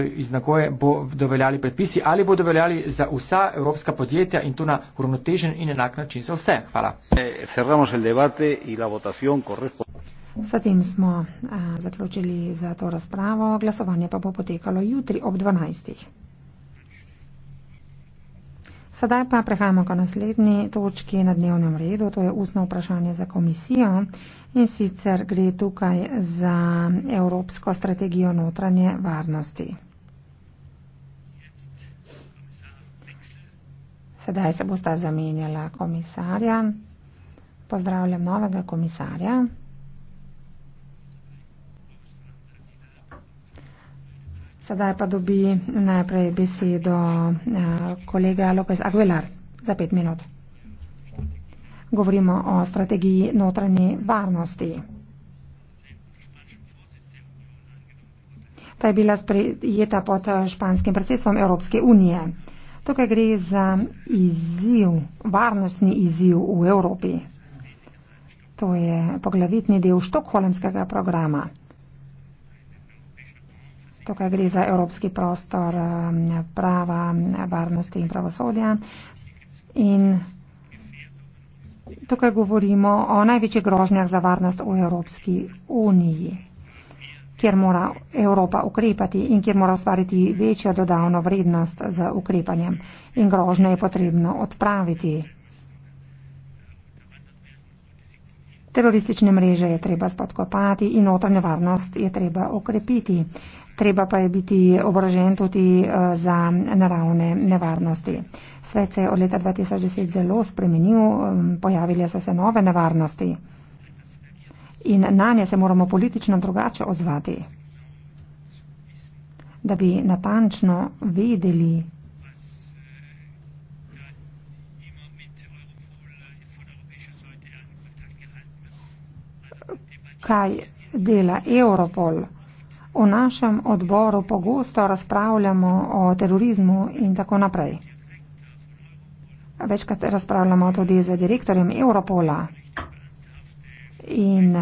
iz nagoje bodo veljali predpisi ali bodo veljali za vsa evropska podjetja in to na uravnotežen in enak način za vse. Hvala. Eh, S tem smo a, eh, zaključili za to razpravo. Glasovanje pa bo potekalo jutri ob 12. Sedaj pa prehajamo k naslednji točki na dnevnem redu, to je ustno vprašanje za komisijo in sicer gre tukaj za Evropsko strategijo notranje varnosti. Sedaj se bosta zamenjala komisarja. Pozdravljam novega komisarja. Sedaj pa dobi najprej besedo eh, kolega Lopez Aguilar za pet minut. Govorimo o strategiji notranje varnosti. Ta je bila sprejeta pod španskim predsedstvom Evropske unije. Tukaj gre za izziv, varnostni izziv v Evropi. To je poglavitni del štokholmskega programa. Tukaj gre za evropski prostor um, prava, varnosti in pravosodja. In tukaj govorimo o največjih grožnjah za varnost v Evropski uniji, kjer mora Evropa ukrepati in kjer mora ustvariti večjo dodavno vrednost z ukrepanjem. In grožnje je potrebno odpraviti. Teroristične mreže je treba spodkopati in notranjo varnost je treba ukrepiti treba pa je biti obrožen tudi eh, za naravne nevarnosti. Svet se je od leta 2010 zelo spremenil, ehm, pojavile so se nove nevarnosti in na nje se moramo politično drugače ozvati, da bi natančno vedeli, kaj dela Europol. V našem odboru pogosto razpravljamo o terorizmu in tako naprej. Večkrat razpravljamo tudi z direktorjem Europola in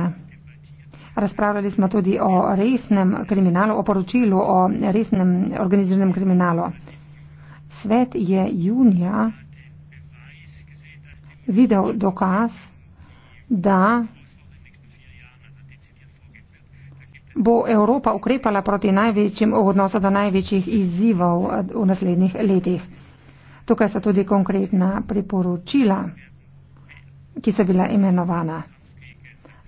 razpravljali smo tudi o resnem kriminalu, o poročilu o resnem organiziranem kriminalu. Svet je junija videl dokaz, da bo Evropa ukrepala proti največjim v odnosu do največjih izzivov eh, v naslednjih letih. Tukaj so tudi konkretna priporočila, ki so bila imenovana.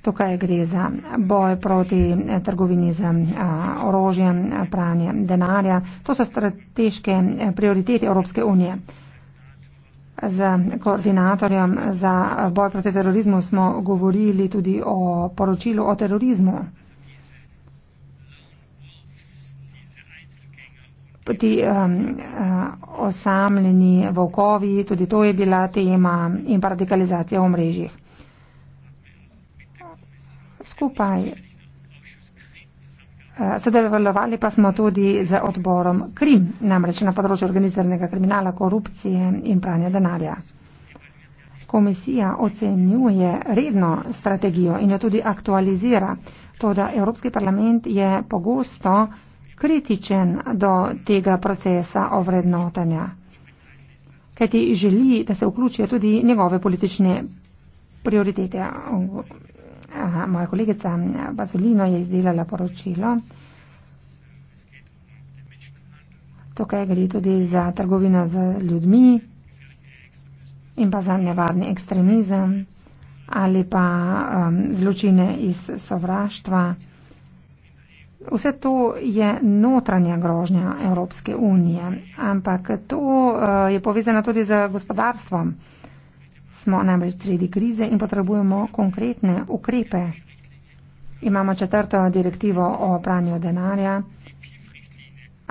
Tukaj gre za boj proti eh, trgovini z eh, orožjem, pranje denarja. To so strateške prioritete Evropske unije. Z koordinatorjem za boj proti terorizmu smo govorili tudi o poročilu o terorizmu. Ti um, uh, osamljeni volkovi, tudi to je bila tema in pa radikalizacija v mrežjih. Skupaj uh, sodelovali pa smo tudi z odborom Krim, namreč na področju organiziranega kriminala, korupcije in pranja denarja. Komisija ocenjuje redno strategijo in jo tudi aktualizira. To, da Evropski parlament je pogosto kritičen do tega procesa ovrednotenja, kajti želi, da se vključijo tudi njegove politične prioritete. Aha, moja kolegica Basolino je izdelala poročilo. Tukaj gre tudi za trgovino z ljudmi in pa za nevarni ekstremizem ali pa um, zločine iz sovraštva. Vse to je notranja grožnja Evropske unije, ampak to eh, je povezano tudi z gospodarstvom. Smo namreč sredi krize in potrebujemo konkretne ukrepe. Imamo četrto direktivo o pranju denarja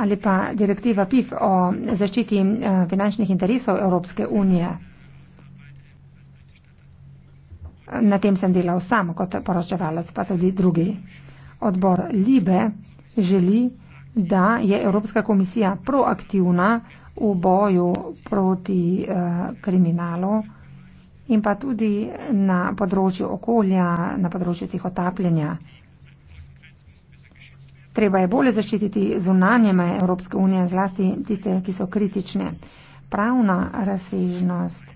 ali pa direktiva PIF o zaščiti eh, finančnih interesov Evropske unije. Na tem sem delal sam kot poročevalec, pa tudi drugi. Odbor Libe želi, da je Evropska komisija proaktivna v boju proti eh, kriminalu in pa tudi na področju okolja, na področju tih otapljanja. Treba je bolje zaščititi zunanje meje Evropske unije, zlasti tiste, ki so kritične. Pravna razsežnost,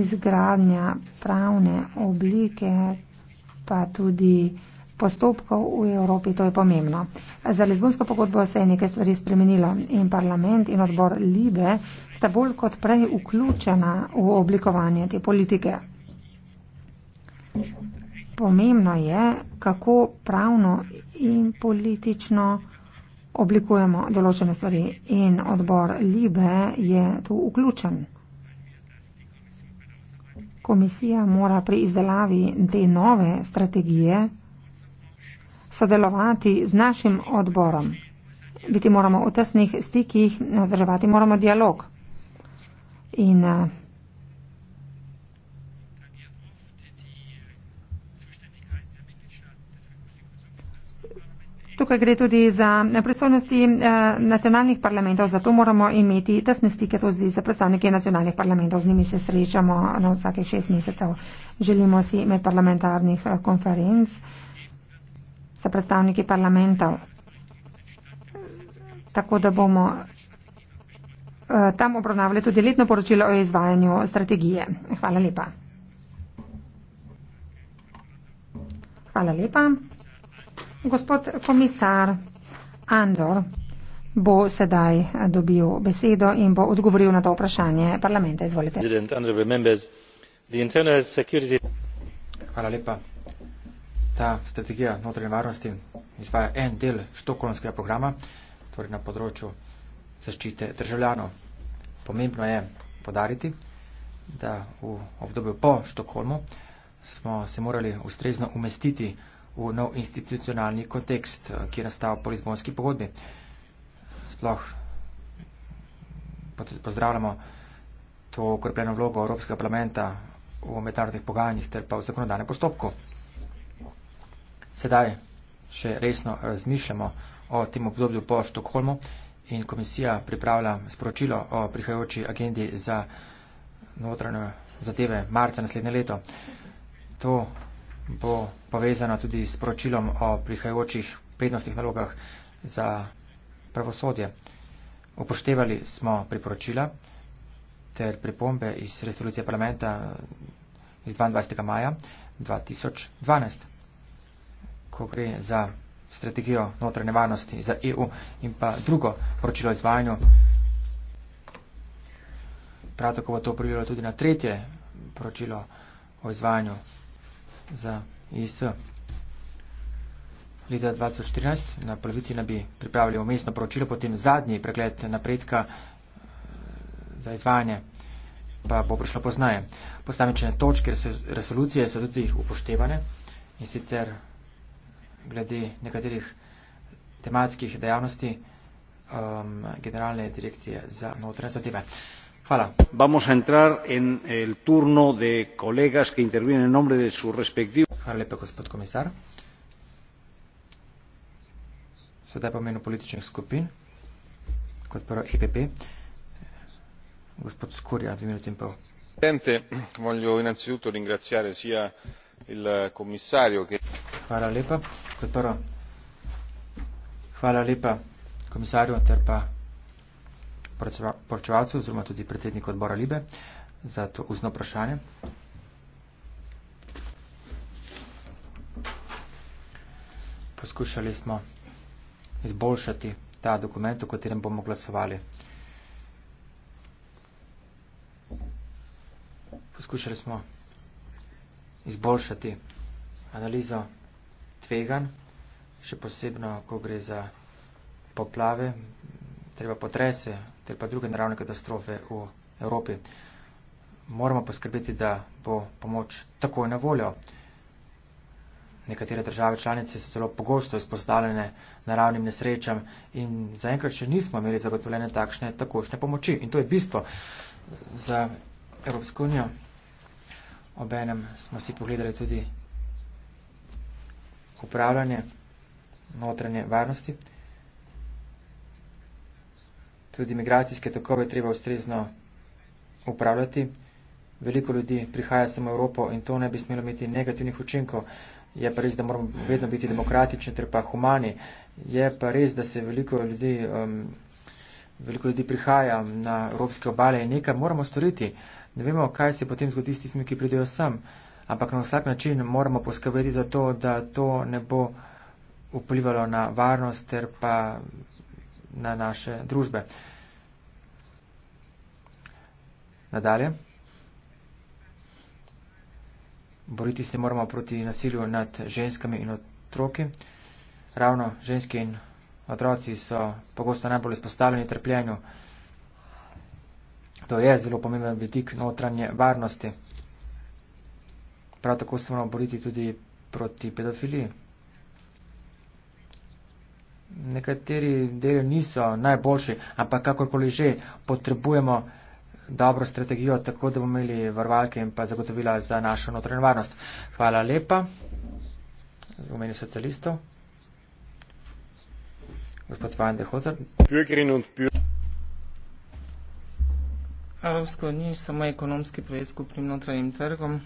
izgradnja pravne oblike, pa tudi postopkov v Evropi, to je pomembno. Za Lizbonsko pogodbo se je nekaj stvari spremenilo in parlament in odbor Libe sta bolj kot prej vključena v oblikovanje te politike. Pomembno je, kako pravno in politično oblikujemo določene stvari in odbor Libe je tu vključen. Komisija mora pri izdelavi te nove strategije sodelovati z našim odborom. Biti moramo v tesnih stikih, vzdrževati moramo dialog. In, uh, Tukaj gre tudi za eh, predstavnosti eh, nacionalnih parlamentov, zato moramo imeti tesne stike tudi za predstavnike nacionalnih parlamentov. Z njimi se srečamo na no, vsakih šest mesecev. Želimo si med parlamentarnih eh, konferenc za predstavniki parlamentov, tako da bomo tam obravnavali tudi letno poročilo o izvajanju strategije. Hvala lepa. Hvala lepa. Gospod komisar Andor bo sedaj eh, dobil besedo in bo odgovoril na to vprašanje parlamenta. Izvolite. Hvala lepa. Ta strategija notranje varnosti izvaja en del štokolonskega programa, torej na področju zaščite državljanov. Pomembno je podariti, da v obdobju po Štokholmu smo se morali ustrezno umestiti v nov institucionalni kontekst, ki je nastal po Lizbonski pogodbi. Sploh pozdravljamo to okrepljeno vlogo Evropskega parlamenta v mednarodnih pogajanjih ter pa v zakonodajnem postopku. Sedaj še resno razmišljamo o tem obdobju po Štokholmu in komisija pripravlja sporočilo o prihajajoči agendi za notranje zadeve marca naslednje leto. To bo povezana tudi s poročilom o prihajajočih prednostnih nalogah za pravosodje. Upoštevali smo priporočila ter pripombe iz resolucije parlamenta iz 22. maja 2012, ko gre za strategijo notranje varnosti za EU in pa drugo poročilo o izvajanju. Prav tako bo to prilo tudi na tretje poročilo o izvajanju za IS. Leta 2014 na polovici naj bi pripravili umestno poročilo, potem zadnji pregled napredka eh, za izvajanje pa bo prišlo poznaje. Posamečne točke resolucije so tudi upoštevane in sicer glede nekaterih tematskih dejavnosti um, generalne direkcije za notranje zadeve vamos a entrar en el turno de colegas que intervienen en nombre de sus respectivos e Presidente, voglio innanzitutto ringraziare sia il commissario che. Hvala lepa. Kot prvo, hvala lepa, komisarju Terpa poročevalcu oziroma tudi predsedniku odbora Libe za to ustno vprašanje. Poskušali smo izboljšati ta dokument, o katerem bomo glasovali. Poskušali smo izboljšati analizo tvegan, še posebno, ko gre za poplave, treba potrese, ter pa druge naravne katastrofe v Evropi. Moramo poskrbeti, da bo pomoč takoj na voljo. Nekatere države članice so zelo pogosto izpostavljene naravnim nesrečam in zaenkrat še nismo imeli zagotovljene takšne takošne pomoči. In to je bistvo za Evropsko unijo. Obenem smo si pogledali tudi upravljanje notranje varnosti tudi migracijske tokove treba ustrezno upravljati. Veliko ljudi prihaja samo v Evropo in to ne bi smelo imeti negativnih učinkov. Je pa res, da moramo vedno biti demokratični ter pa humani. Je pa res, da se veliko ljudi, um, veliko ljudi prihaja na evropske obale in nekaj moramo storiti. Ne vemo, kaj se potem zgodi s tistimi, ki pridejo sem. Ampak na vsak način moramo poskrbeti za to, da to ne bo vplivalo na varnost ter pa na naše družbe. Nadalje. Boriti se moramo proti nasilju nad ženskami in otroki. Ravno ženski in otroci so pogosto najbolj izpostavljeni trpljenju. To je zelo pomemben vidik notranje varnosti. Prav tako se moramo boriti tudi proti pedofiliji nekateri deli niso najboljši, ampak kakorkoli že potrebujemo dobro strategijo, tako da bomo imeli varvalke in pa zagotovila za našo notranjo varnost. Hvala lepa. Zvomeni socialistov. Gospod Van de Hozer. Pjökerin und Pjökerin. Evropsko ni samo ekonomski projekt skupnim notranjim trgom.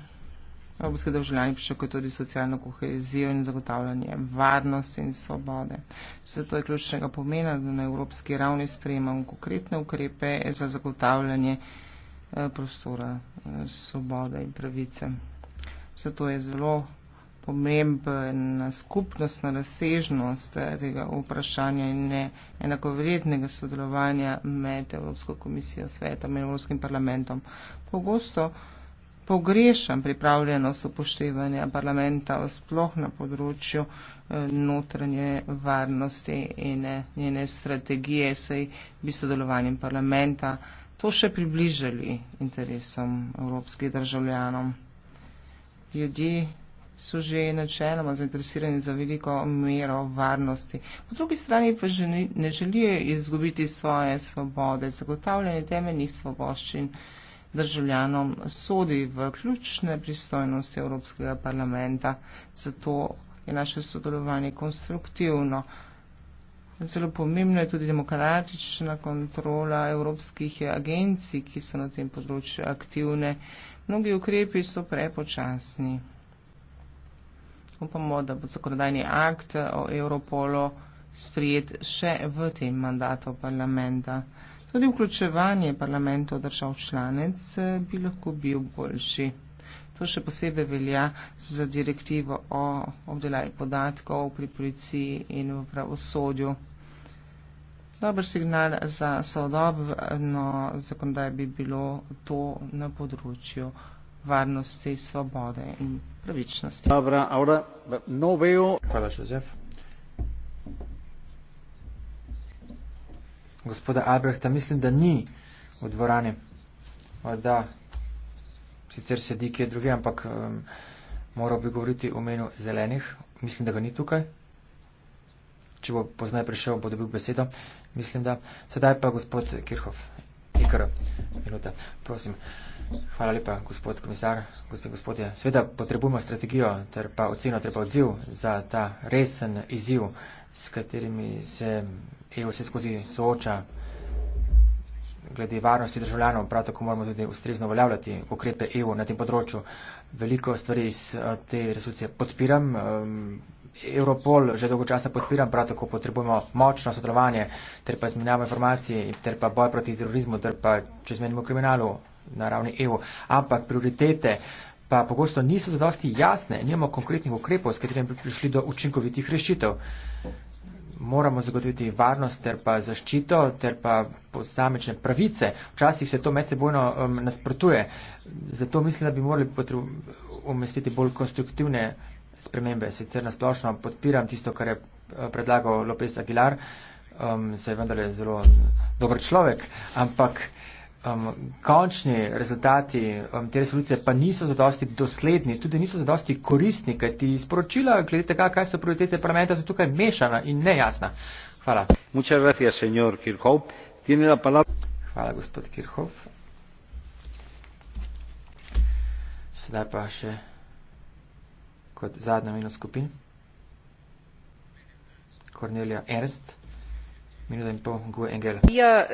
Evropske državljani pričakujejo tudi socialno kohezijo in zagotavljanje varnosti in svobode. Vse to je ključnega pomena, da na evropski ravni sprejemamo konkretne ukrepe za zagotavljanje eh, prostora, eh, svobode in pravice. Zato je zelo pomembna skupnostna razsežnost eh, tega vprašanja in ne enakovrednega sodelovanja med Evropsko komisijo, svetom in Evropskim parlamentom. Pogosto pogrešam pripravljenost upoštevanja parlamenta sploh na področju eh, notranje varnosti in eh, njene strategije, saj bi sodelovanjem parlamenta to še približali interesom evropskih državljanom. Ljudje so že načeloma zainteresirani za veliko mero varnosti. Po drugi strani pa ne želijo izgubiti svoje svobode, zagotavljanje temeljnih svoboščin državljanom sodi v ključne pristojnosti Evropskega parlamenta, zato je naše sodelovanje konstruktivno. Zelo pomembna je tudi demokratična kontrola evropskih agencij, ki so na tem področju aktivne. Mnogi ukrepi so prepočasni. Upamo, da bo zakonodajni akt o Europolu sprijet še v tem mandatu parlamenta. Tudi vključevanje parlamentov držav članec eh, bi lahko bil boljši. To še posebej velja za direktivo o obdelaji podatkov pri policiji in v pravosodju. Dober signal za sodobno zakonodaj bi bilo to na področju varnosti, svobode in pravičnosti. Dobra, Aura, no Hvala, Žozef. gospoda Albrehta, mislim, da ni v dvorani. Morda sicer sedi kje druge, ampak um, moral bi govoriti o menu zelenih. Mislim, da ga ni tukaj. Če bo poznaj prišel, bo dobil besedo. Mislim, da. Sedaj pa gospod Kirhov. Ikar, minuta, prosim. Hvala lepa, gospod komisar, gospod gospodje. Sveda potrebujemo strategijo ter pa oceno, treba odziv za ta resen izziv s katerimi se EU vse skozi sooča glede varnosti državljanov. Prav tako moramo tudi ustrezno uveljavljati ukrepe EU na tem področju. Veliko stvari iz eh, te resolucije podpiram. Ehm, Europol že dolgo časa podpiram, prav tako potrebujemo močno sodelovanje ter pa izmenjavo informacij ter pa boj proti terorizmu ter pa čezmenjemu kriminalu na ravni EU. Ampak prioritete uh, pa pogosto niso zadosti jasne, nimamo konkretnih ukrepov, s katerimi bi prišli do učinkovitih rešitev. Moramo zagotoviti varnost ter pa zaščito ter pa posamečne pravice. Včasih se to medsebojno um, nasprotuje. Zato mislim, da bi morali umestiti bolj konstruktivne spremembe. Sicer nasplošno podpiram tisto, kar je uh, predlagal Lopes Aguilar, um, se je vendarle zelo dober človek, ampak um, končni rezultati um, te resolucije pa niso zadosti dosledni, tudi niso zadosti koristni, kaj ti sporočila glede tega, kaj so prioritete parlamenta, so tukaj mešana in nejasna. Hvala. Hvala, gospod Kirhov. Sedaj pa še kot zadnja minuta skupin. Cornelia Ernst, minuta in pol, Gue Engel. Ja,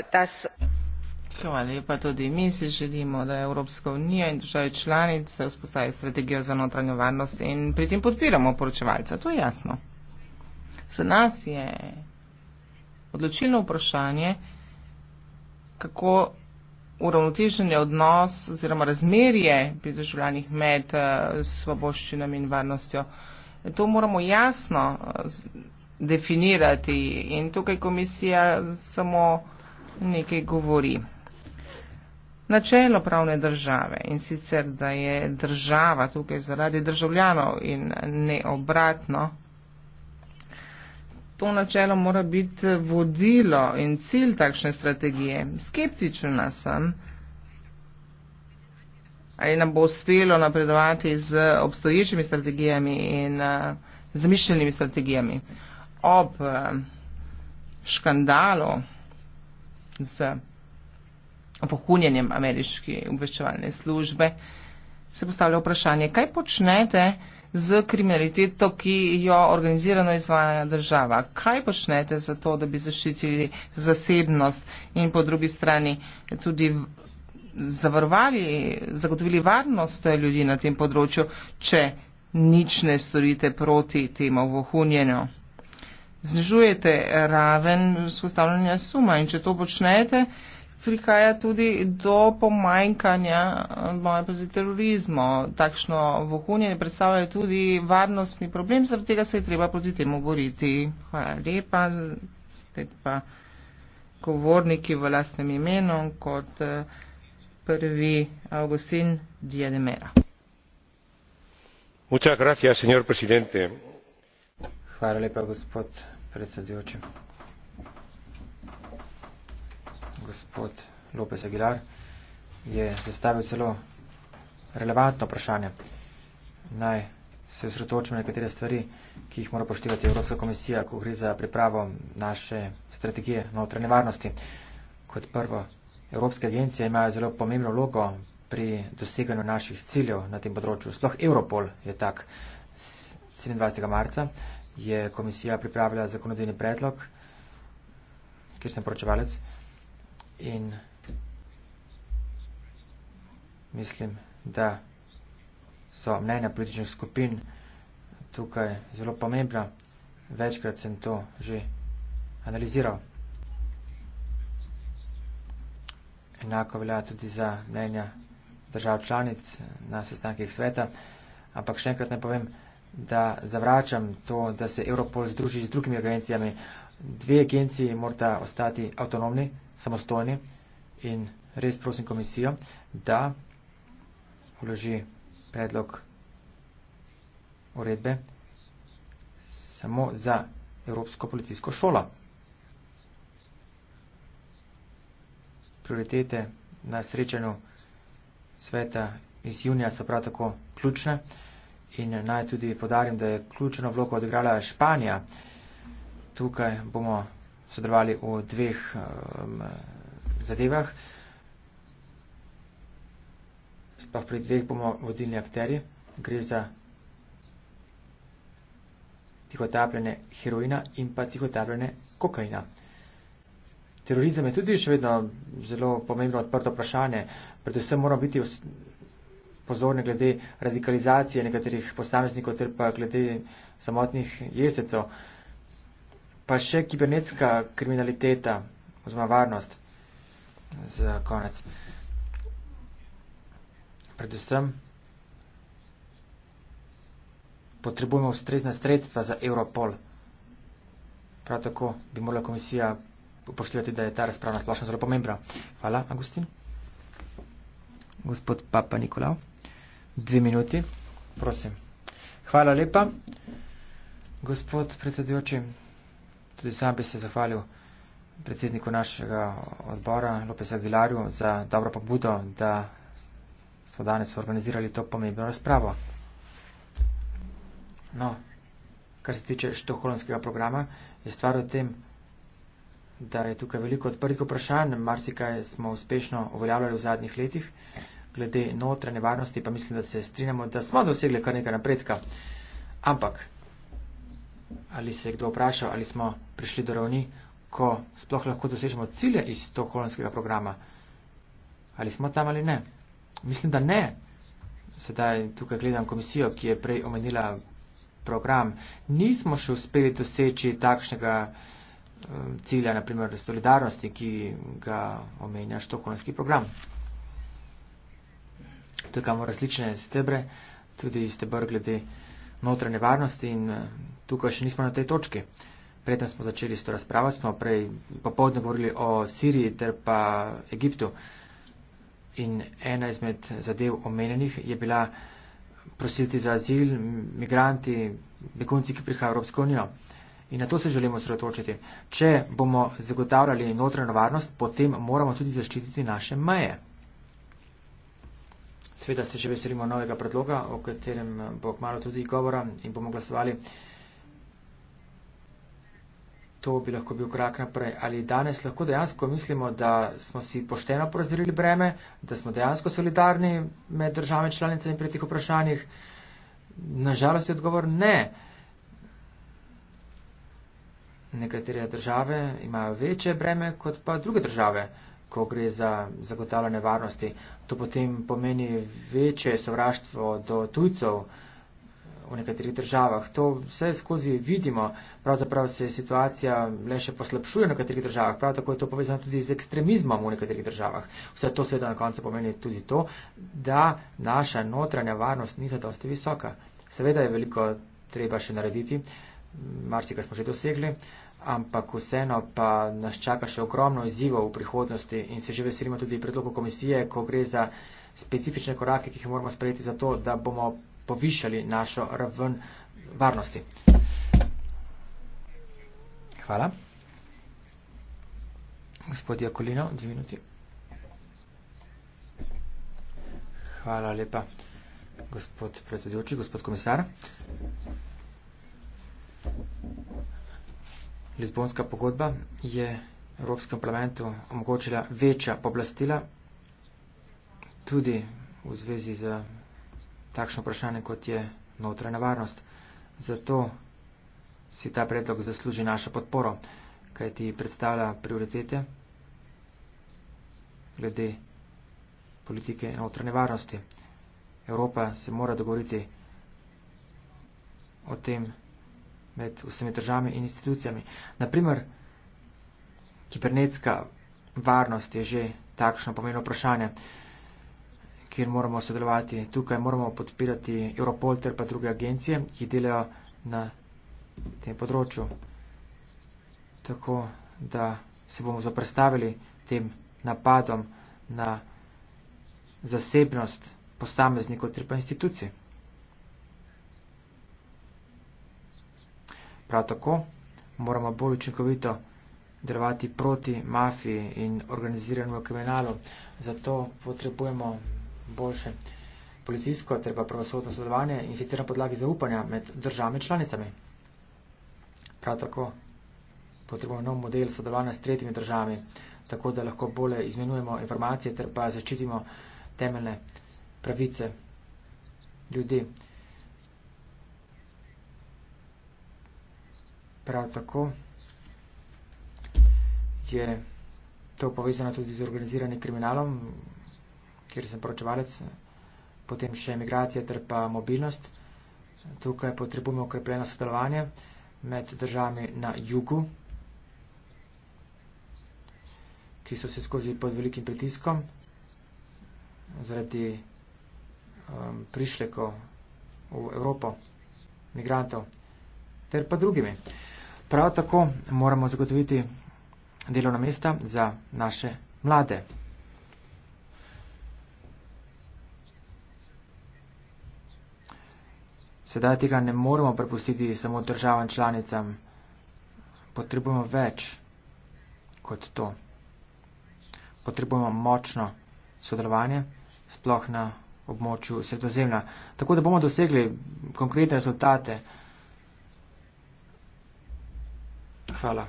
Hvala lepa. Tudi mi si želimo, da je Evropska unija in države članice vzpostavili strategijo za notranjo varnost in pri tem podpiramo poročevalca. To je jasno. Za nas je odločilno vprašanje, kako uravnotežen je odnos oziroma razmerje pri državljanih med eh, svoboščinami in varnostjo. To moramo jasno eh, definirati in tukaj komisija samo nekaj govori načelo pravne države in sicer, da je država tukaj zaradi državljanov in ne obratno. To načelo mora biti vodilo in cilj takšne strategije. Skeptična sem, ali nam bo uspelo napredovati z obstoječimi strategijami in uh, zmišljenimi strategijami. Ob uh, škandalu z pohunjenjem ameriške obveščevalne službe, se postavlja vprašanje, kaj počnete z kriminaliteto, ki jo organizirano izvaja država? Kaj počnete za to, da bi zaščitili zasebnost in po drugi strani tudi zavarovali, zagotovili varnost ljudi na tem področju, če nič ne storite proti temu vohunjenju? Znižujete raven vzpostavljanja suma in če to počnete, prihaja tudi do pomanjkanja, moje pozitivno, terorizmo. Takšno vohunje predstavlja tudi varnostni problem, zaradi tega se je treba proti temu boriti. Hvala lepa, ste pa govorniki v lastnem imenu kot eh, prvi Augustin Diademera. Gracias, señor Hvala lepa, gospod predsedujoči gospod Lopez Aguilar, je zastavil celo relevantno vprašanje. Naj se osredotočimo na nekatere stvari, ki jih mora poštevati Evropska komisija, ko gre za pripravo naše strategije notranje varnosti. Kot prvo, Evropske agencije imajo zelo pomembno vlogo pri doseganju naših ciljev na tem področju. Sloh Europol je tak. 27. marca je komisija pripravila zakonodajni predlog, kjer sem poročevalec in mislim, da so mnenja političnih skupin tukaj zelo pomembna. Večkrat sem to že analiziral. Enako velja tudi za mnenja držav članic na sestankih sveta, ampak še enkrat ne povem, da zavračam to, da se Europol združi z drugimi agencijami dve agenciji morda ostati avtonomni, samostojni in res prosim komisijo, da vloži predlog uredbe samo za Evropsko policijsko šolo. Prioritete na srečanju sveta iz junija so prav tako ključne in naj tudi podarim, da je ključno vloko odigrala Španija tukaj bomo sodelovali o dveh um, zadevah. Sploh pri dveh bomo vodilni akteri. Gre za tihotapljene heroina in pa tihotapljene kokaina. Terorizem je tudi še vedno zelo pomembno odprto vprašanje. Predvsem moramo biti pozorni glede radikalizacije nekaterih posameznikov ter pa glede samotnih jezdecev pa še kibernetska kriminaliteta oziroma varnost za konec. Predvsem potrebujemo ustrezna sredstva za Europol. Prav tako bi morala komisija upoštevati, da je ta razprava splošno zelo pomembna. Hvala, Agustin. Gospod Papa Nikolav, dve minuti, prosim. Hvala lepa, gospod predsedujoči. Tudi sam bi se zahvalil predsedniku našega odbora Lopesa Vilarju za dobro pobudo, da smo danes organizirali to pomembno razpravo. No, kar se tiče štoholonskega programa, je stvar o tem, da je tukaj veliko odprtih vprašanj, marsikaj smo uspešno uveljavljali v zadnjih letih, glede notranje varnosti pa mislim, da se strinjamo, da smo dosegli kar nekaj napredka. Ampak ali se je kdo vprašal, ali smo prišli do ravni, ko sploh lahko dosežemo cilje iz tokolonskega programa. Ali smo tam ali ne? Mislim, da ne. Sedaj tukaj gledam komisijo, ki je prej omenila program. Nismo še uspeli doseči takšnega eh, cilja, naprimer solidarnosti, ki ga omenja štokolonski program. Tukaj imamo različne stebre, tudi steber glede uh, notranje varnosti in eh, tukaj še nismo na tej točki. Preden smo začeli s to razpravo, smo prej popovdne govorili o Siriji ter pa Egiptu. In ena izmed zadev omenjenih je bila prositi za azil, migranti, begunci, ki prihajajo v Evropsko unijo. In na to se želimo sredotočiti. Če bomo zagotavljali notranjo varnost, potem moramo tudi zaščititi naše meje. Sveda se že veselimo novega predloga, o katerem eh, bo kmalo tudi govora in bomo glasovali. To bi lahko bil korak naprej. Ali danes lahko dejansko mislimo, da smo si pošteno porazdelili breme, da smo dejansko solidarni med državami članicami pri teh vprašanjih? Nažalost je odgovor ne. Nekatere države imajo večje breme kot pa druge države ko gre za zagotavljanje varnosti. To potem pomeni večje sovraštvo do tujcev v nekaterih državah. To vse skozi vidimo. Pravzaprav se situacija le še poslabšuje v nekaterih državah. Prav tako je to povezano tudi z ekstremizmom v nekaterih državah. Vse to seveda na koncu pomeni tudi to, da naša notranja varnost ni zadosti visoka. Seveda je veliko treba še narediti. Marsika smo že dosegli. Uh, ampak vseeno pa nas čaka še ogromno izzivov v prihodnosti in se že veselimo tudi predlogov komisije, ko gre za specifične korake, ki jih moramo sprejeti za to, da bomo povišali našo raven varnosti. Hvala. Gospod Jakolino, dve minuti. Hvala lepa, gospod predsedujoči, gospod komisar. Lizbonska pogodba je Evropskem parlamentu omogočila večja poblastila tudi v zvezi z takšno vprašanje, kot je notranja varnost. Zato si ta predlog zasluži našo podporo, kaj ti predstavlja prioritete glede politike notranje varnosti. Evropa se mora dogovoriti o tem, med vsemi državami in institucijami. Naprimer, kibernetska varnost je že takšno pomeno vprašanje, kjer moramo sodelovati. Tukaj moramo podpirati Europol ter pa druge agencije, ki delajo na tem področju, tako da se bomo zaprstavili tem napadom na zasebnost posameznikov ter pa institucij. Prav tako moramo bolj učinkovito delovati proti mafiji in organiziranemu kriminalu. Zato potrebujemo boljše policijsko ter pa pravosodno sodelovanje in sicer na podlagi zaupanja med državami članicami. Prav tako potrebujemo nov model sodelovanja s tretjimi državami, tako da lahko bolje izmenujemo informacije ter pa zaščitimo temeljne pravice ljudi. Prav tako je to povezano tudi z organiziranim kriminalom, kjer sem poročevalec, potem še emigracija ter pa mobilnost. Tukaj potrebujemo okrepljeno sodelovanje med državami na jugu, ki so se skozi pod velikim pritiskom zaradi um, prišleko v Evropo, migrantov ter pa drugimi. Prav tako moramo zagotoviti delovna mesta za naše mlade. Sedaj tega ne moramo prepustiti samo državam članicam. Potrebujemo več kot to. Potrebujemo močno sodelovanje, sploh na območju sredozemlja. Tako da bomo dosegli konkretne rezultate. Hvala.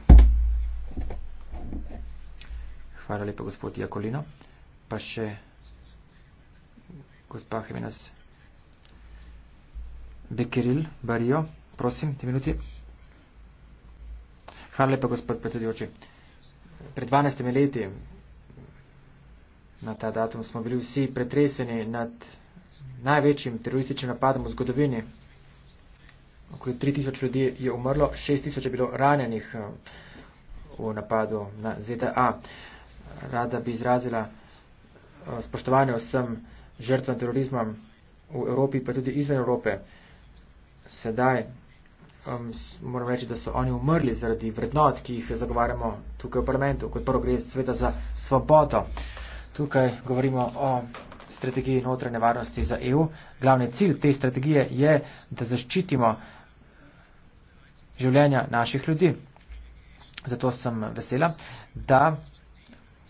Hvala lepa, gospod Jakolino. Pa še gospa Hemenas Bekeril Barijo, prosim, te minuti. Hvala lepa, gospod predsedujoči. Pred 12 leti na ta datum smo bili vsi pretreseni nad največjim terorističnim napadom v zgodovini Okoli 3000 ljudi je umrlo, 6000 je bilo ranjenih eh, v napadu na ZDA. Rada bi izrazila eh, spoštovanje vsem žrtvam terorizma v Evropi, pa tudi izven Evrope. Sedaj moram reči, da so oni umrli zaradi vrednot, ki jih zagovarjamo tukaj v parlamentu. Kot prvo gre sveda za svobodo. Tukaj govorimo o strategiji notranje varnosti za EU. Glavni cilj te strategije je, da zaščitimo življenja naših ljudi. Zato sem vesela, da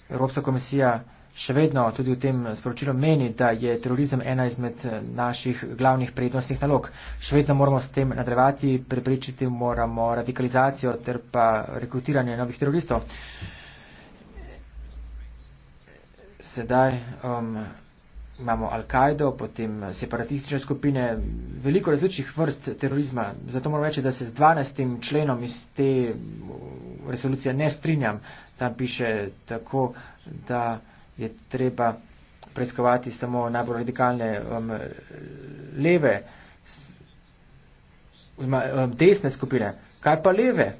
Evropska komisija še vedno tudi v tem sporočilu meni, da je terorizem ena izmed naših glavnih prednostnih nalog. Še vedno moramo s tem nadrevati, prepričati moramo radikalizacijo ter pa rekrutiranje novih teroristov. Sedaj. Um, imamo Al-Kaido, potem separatistične skupine, veliko različnih vrst terorizma. Zato moram reči, da se z 12. členom iz te resolucije ne strinjam. Tam piše tako, da je treba preiskovati samo najbolj radikalne um, leve, um, desne skupine. Kaj pa leve?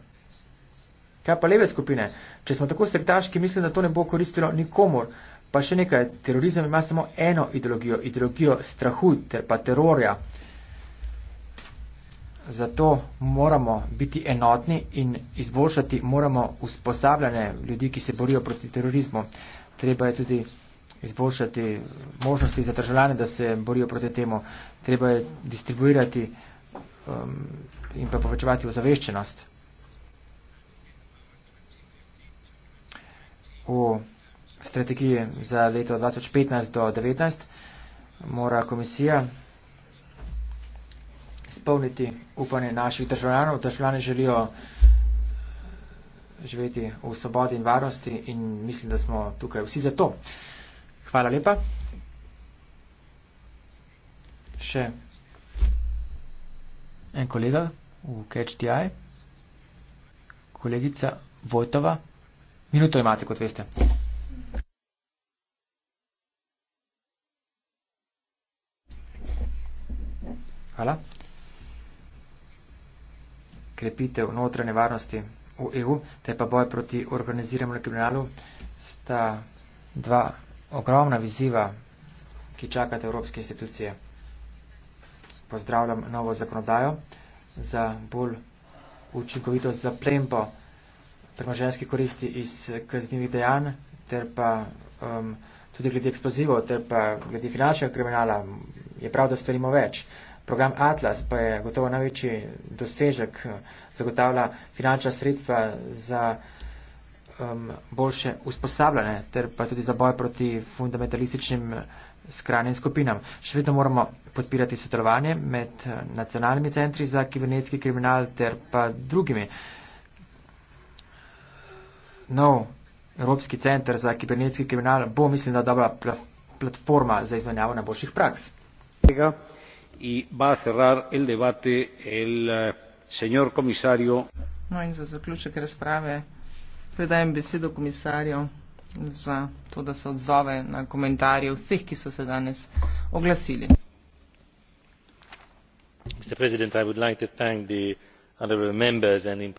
Kaj pa leve skupine? Če smo tako sektaški, mislim, da to ne bo koristilo nikomor. Uh, Pa še nekaj, terorizem ima samo eno ideologijo, ideologijo strahu ter pa terorja. Zato moramo biti enotni in izboljšati moramo usposabljanje ljudi, ki se borijo proti terorizmu. Treba je tudi izboljšati možnosti za državljane, da se borijo proti temu. Treba je distribuirati um, in pa povečevati ozaveščenost. O strategiji za leto 2015 do 2019 mora komisija spolniti upanje naših državljanov. Državljani želijo živeti v svobodi in varnosti in mislim, da smo tukaj vsi za to. Hvala lepa. Še en kolega v CatchDI, kolegica Vojtova. Minuto imate, kot veste. Hvala. Krepitev notranje varnosti v EU, te pa boj proti organiziranemu kriminalu, sta dva ogromna viziva, ki čakate evropske institucije. Pozdravljam novo zakonodajo za bolj učinkovitost za plempo premoženjske koristi iz kaznjivih dejanj, ter pa um, tudi glede eksplozivov, ter pa glede finančnega kriminala je prav, da storimo več. Program Atlas pa je gotovo največji dosežek, uh, zagotavlja finančna sredstva za um, boljše usposabljanje ter pa tudi za boj proti fundamentalističnim skrajnim skupinam. Še vedno moramo podpirati sodelovanje med uh, nacionalnimi centri za kibernetski kriminal ter pa drugimi. No, Evropski centr za kibernetski kriminal bo, mislim, da dobra pl platforma za izmenjavo najboljših praks. In va cerrar el debate el eh, señor komisario. No in za zaključek razprave predajem besedo komisarju za to, da se odzove na komentarje vseh, ki so se danes oglasili. Mr. President, I would like to thank the honorable members and in...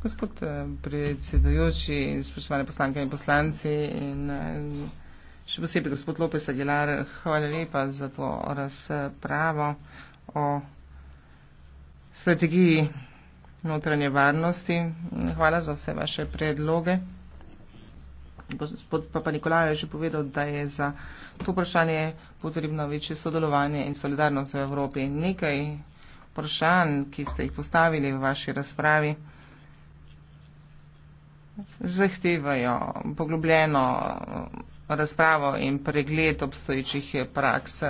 Gospod eh, predsedujoči, spoštovane poslanke in poslanci in eh, še posebej gospod Lopes Aguilar, hvala lepa za to razpravo o strategiji notranje varnosti. Hvala za vse vaše predloge. Gospod Papa Nikolaj je že povedal, da je za to vprašanje potrebno večje sodelovanje in solidarnost v Evropi. Nekaj vprašanj, ki ste jih postavili v vaši razpravi zahtevajo poglobljeno eh, razpravo in pregled obstoječih eh, praks.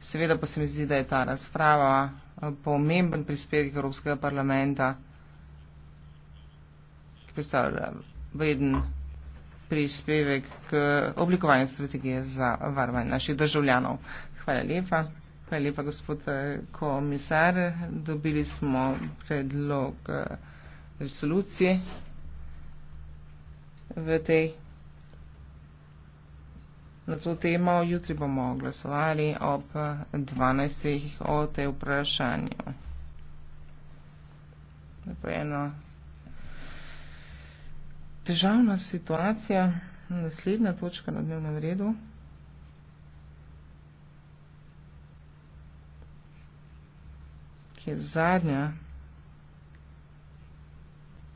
Seveda pa se mi zdi, da je ta razprava eh, pomemben prispevek Evropskega parlamenta, ki predstavlja vreden prispevek k oblikovanju strategije za varovanje naših državljanov. Hvala lepa. Hvala lepa, gospod komisar. Dobili smo predlog resolucije v tej na to temo. Jutri bomo glasovali ob 12. o tej vprašanju. Lepo eno težavna situacija, naslednja točka na dnevnem redu. ki je zadnja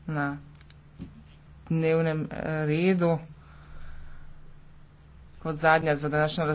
na dnevnem eh, redu kot zadnja za današnjo razpravo.